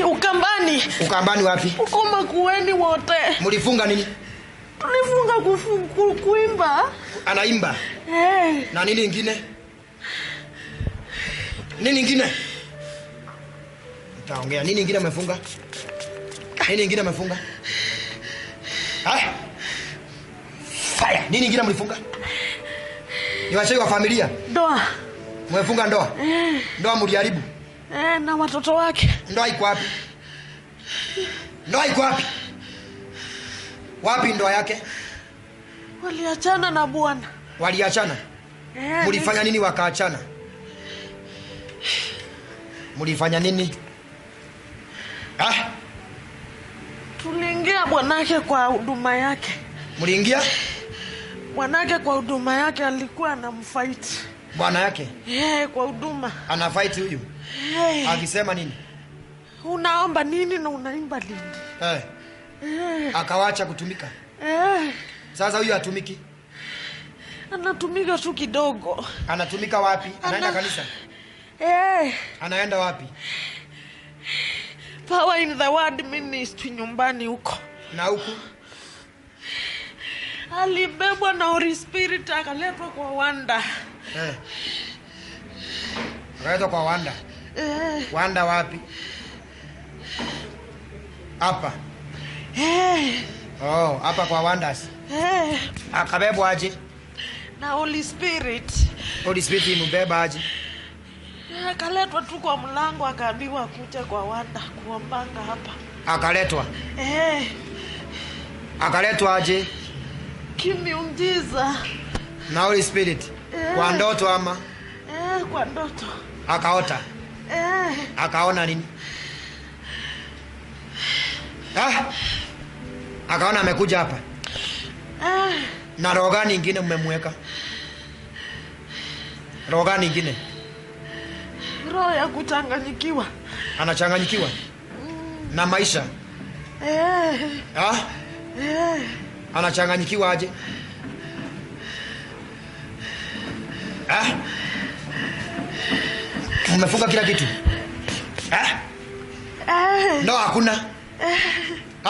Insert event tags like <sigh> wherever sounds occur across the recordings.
Ukambani. Ukambani wapi? Uko Makueni wote. Mlifunga nini? Tulifunga kufu, kuimba. Anaimba. Eh. Hey. Na nini ingine? Nini ingine? Utaongea nini ingine umefunga? Nini ingine umefunga? Ha? Fire. Nini ingine mlifunga? Ni wachawi wa familia. Ndoa. Mwefunga ndoa? Eh. Ndoa mliharibu eh, na watoto wake. Ndoa iko wapi? Ndoa iko wapi? Wapi ndoa yake? Waliachana na bwana. Waliachana? Eh, mlifanya nini wakaachana? Mlifanya nini? Ah? Tuliingia bwanake kwa huduma yake. Mliingia? Bwanake kwa huduma yake alikuwa anamfaiti Bwana yake? Eh, yeah, kwa huduma. anafaiti huyu? hey. Akisema nini? Unaomba nini na unaimba lini hey. hey. Akawacha kutumika hey. Sasa huyu atumiki anatumika tu kidogo. Anatumika wapi? Anaenda Ana... kanisa hey. Anaenda wapi? Power in the Word Ministry nyumbani huko na huku alibebwa na Holy Spirit akaletwa kwa Wanda eh. Akaletwa kwa Wanda Eh. Wanda wapi? Hapa. Eh. Oh, hapa kwa Wandas. Eh. Akabebwa ah, aje? Na Holy Spirit. Holy Spirit imubeba aje? Akaletwa eh, tu kwa mlango akaambiwa kuja kwa Wanda kuombanga hapa. Akaletwa. Eh. Akaletwa aje? Kimiujiza. Na Holy Spirit. Eh. Kwa ndoto ama? Eh, kwa ndoto. Akaota eh. Akaona nini? Ah. Akaona amekuja hapa ah. Na roho gani ingine mmemweka? Roho gani ingine? Roho ya kuchanganyikiwa. Anachanganyikiwa mm. na maisha eh. Ah. Eh. Anachanganyikiwa aje? Ah. Umefunga kila kitu ha? Eh? Eh. hakuna ha?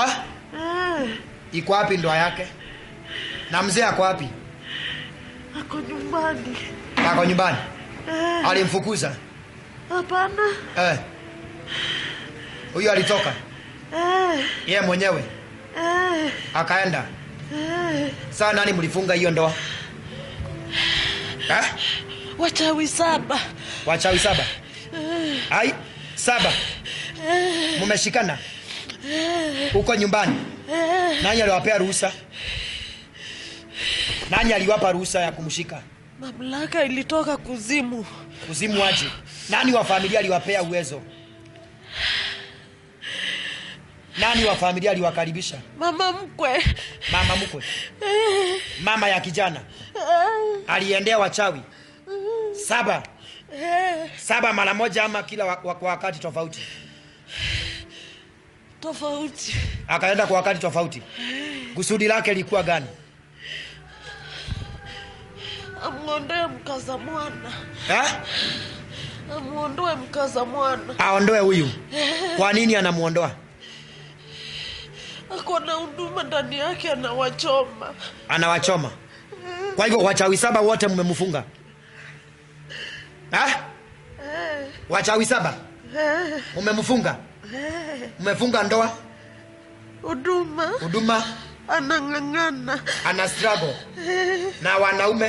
Eh. Ah? Iko wapi ndoa yake? Na mzee ako wapi? Ako nyumbani. Ako nyumbani. Alimfukuza? Hapana. Eh. Huyo alitoka? Eh. Yeye mwenyewe? Eh. Akaenda? Eh. Sasa nani mlifunga hiyo ndoa? Eh? Wachawi saba. Wachawi saba. Ai, saba. Mumeshikana. Uko nyumbani. Nani aliwapea ruhusa? Nani aliwapa ruhusa ya kumshika? Mamlaka ilitoka kuzimu. Kuzimu aje? Nani wa familia aliwapea uwezo? Nani wa familia aliwakaribisha? Mama mkwe. Mama mkwe. Mama ya kijana. Aliendea wachawi. Saba saba mara moja ama kila kwa wak wakati tofauti tofauti akaenda kwa wakati tofauti kusudi lake lilikuwa gani amwondoe mkaza mwana eh? amwondoe mkaza mwana aondoe huyu eh. kwa nini anamwondoa akona huduma ndani yake anawachoma anawachoma kwa hivyo wachawi saba wote mmemfunga Wachawi saba umemfunga, umefunga ndoa. Huduma huduma, anang'ang'ana, ana struggle na wanaume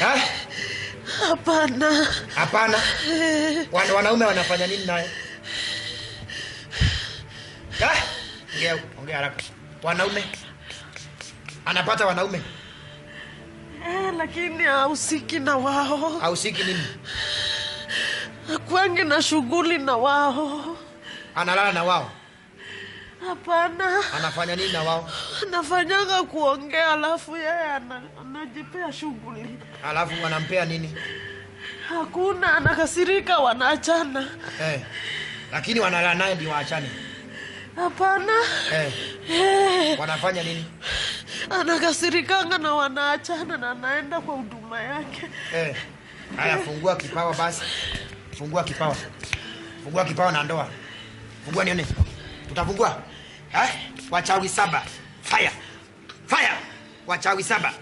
ha? Hapana, hapana. Wana, wanaume wanafanya nini naye? Ongea haraka, wanaume anapata wanaume Eh, lakini hausiki na wao. Hausiki nini? Akwange na shughuli na wao. Analala na wao? Hapana. Anafanya nini na wao? Anafanyanga kuongea, alafu yeye anajipea shughuli. Alafu wanampea nini? Hakuna, anakasirika, wanaachana. Eh. Lakini wanalala naye ndio waachane? Hapana. Eh. Eh. Wanafanya nini? anakasirikanga na wanaachana na anaenda kwa huduma yake. Eh, haya fungua kipawa basi, fungua kipawa, fungua kipawa na ndoa, fungua nione, tutafungua eh? Wachawi saba, fire fire, wachawi saba,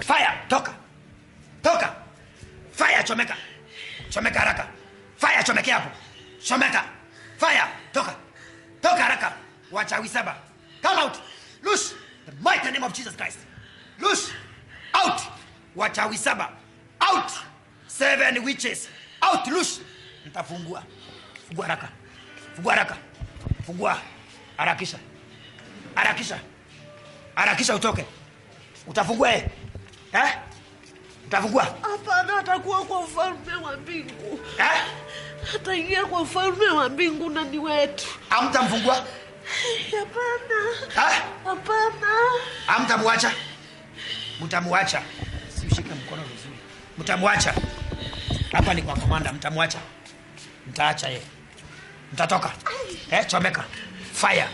fire, toka toka, fire, chomeka chomeka haraka, fire, chomekea hapo, chomeka, fire, toka toka haraka, wachawi saba, come out, loose The mighty name of Jesus Christ. Loose. Out. watch Wachawi saba. Out. Seven witches. Out. Loose. Nitafungua. Fungua raka, Fungua raka, Fungua. arakisha, arakisha, arakisha utoke. Utafungua eh? Eh? Utafungua? Hapana, atakuwa kwa ufalme wa mbingu. Eh? Ataingia kwa ufalme wa mbingu na ni wetu. Hamtamfungua? Mtamwacha, mtamwacha, siushike mkono vizuri, mtamwacha. Hapa ni kwa komanda, mtamwacha, mtaacha yeye. mtatoka eh, chomeka fire,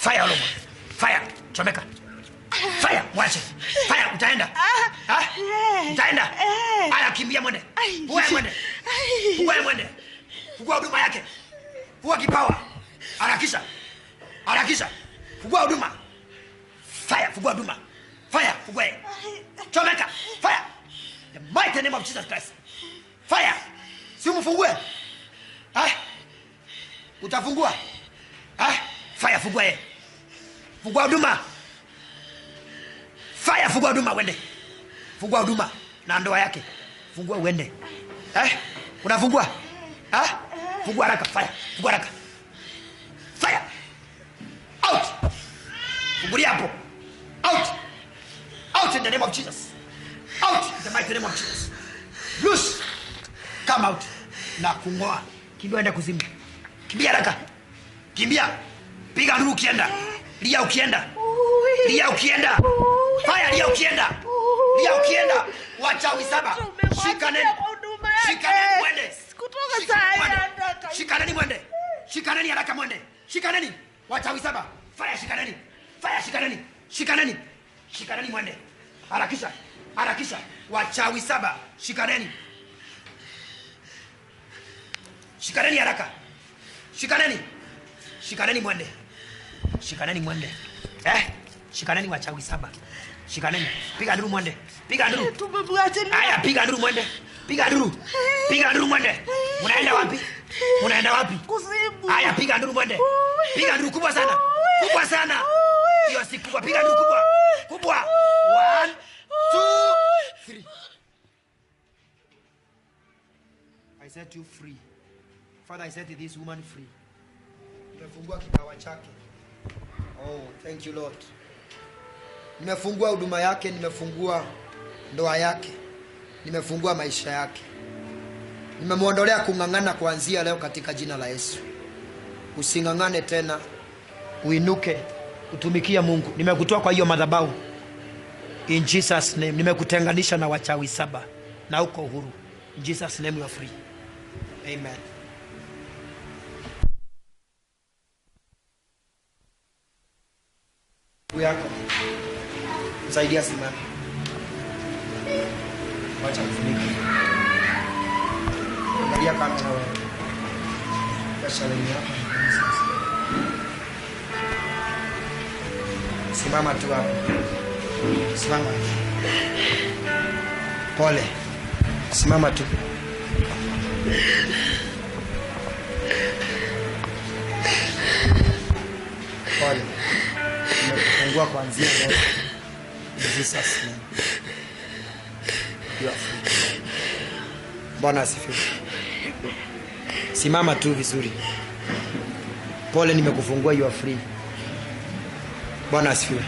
fire over. fire, chomeka fire, mwache fire, utaenda Ah. utaenda eh. Eh. ala, kimbia, mwende uwe, mwende uwe, mwende uwe, huduma yake uwe, kipawa, harakisha Harakisha. Fungua huduma. Fire, fungua huduma. Fire, fungua. Chomeka. Fire. The mighty name of Jesus Christ. Fire. Si mfungue. Ah? Utafungua? Ah? Fire, fungua yeye. Fungua huduma. Fire, fungua huduma wende. Fungua huduma na ndoa yake. Fungua uende. Eh? Unafungua? Ah? Fungua haraka, fire. Fungua haraka. uli hapo out out in the name of jesus out in the mighty name of jesus loose come out na kungoa kimbia enda kuzimu kimbia haraka kimbia piga nuru ukienda lia ukienda lia ukienda faya lia ukienda lia ukienda wachawi saba Shika shikaneni mwende Shika shikaneni mwende shikaneni haraka mwende Shika shikaneni wachawi saba faya shikaneni Faya, shikaneni, shikaneni, shikaneni, mwende. Harakisha, harakisha, wachawi saba, shikaneni, shikaneni haraka, shikaneni, shikaneni, mwende, shikaneni, mwende, eh, shikaneni, wachawi saba, shikaneni, piga nduru, mwende, piga nduru, eh, ni. Aya, piga nduru, mwende, piga nduru, piga nduru, mwende, unaenda wapi? Unaenda wapi? Aya, piga nduru, mwende, piga nduru kubwa sana, kubwa sana hiyo si kubwa, piga tu kubwa kubwa. One, two, three. I set you free. Father, I set this woman free. Nimefungua kipawa chake. Oh, thank you Lord. Nimefungua huduma yake, nimefungua ndoa yake, nimefungua maisha yake. Nimemwondolea kung'ang'ana kuanzia leo katika jina la Yesu. Using'ang'ane tena, uinuke kutumikia Mungu. Nimekutoa kwa hiyo madhabahu in Jesus name. Nimekutenganisha na wachawi saba na uko uhuru in Jesus name, you are free. Amen. yako saidia simama, wacha kufunika, angalia kamera wewe, kashalini hapa Simama tu hapo, simama. Pole, simama tu. Pole, umepungua kuanzia leo. Jesus name, you are free. Bwana asifiwe. Simama tu vizuri. Pole, nimekufungua, you are free. Bwana asifiwe.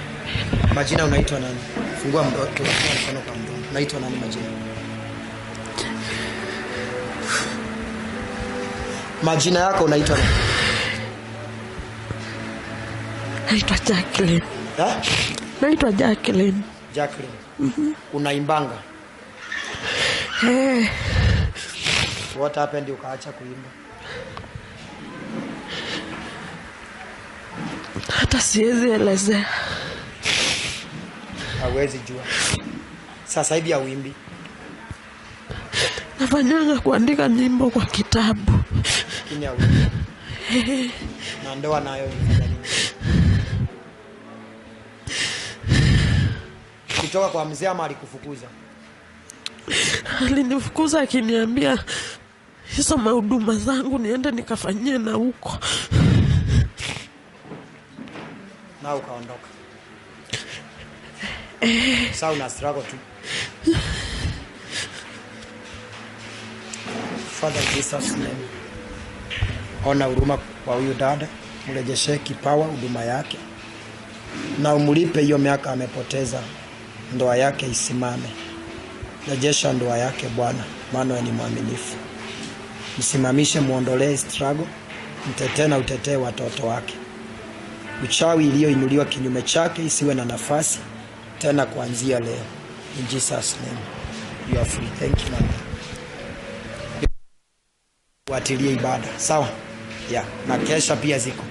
Majina unaitwa nani? Fungua mdomo, mfano kwa mdomo. Unaitwa nani majina? Majina yako unaitwa nani? Naitwa Jacqueline. Ha? Naitwa Jacqueline. Jacqueline. Mm -hmm. Unaimbanga? Eh. Hey. What happened ukaacha kuimba? hata siwezi elezea. Hawezi jua sasa hivi auimbi? Nafanyanga kuandika nyimbo kwa kitabu <laughs> na ndoa nayo kitoka kwa mzee ama alikufukuza? Alinifukuza akiniambia hizo mahuduma zangu niende nikafanyie na huko na ukaondoka. Sasa una struggle tu. Father Jesus name. Ona huruma kwa huyu dada, mrejeshee kipawa huduma yake na umlipe hiyo miaka amepoteza, ndoa yake isimame. Rejesha ndoa yake Bwana, maana ni mwaminifu. Msimamishe, muondolee struggle, mtetee na utetee watoto wake uchawi iliyoinuliwa kinyume chake isiwe na nafasi tena kuanzia leo. In Jesus name you are free. Thank you mama. Fuatilie ibada sawa, yeah, na kesha pia ziko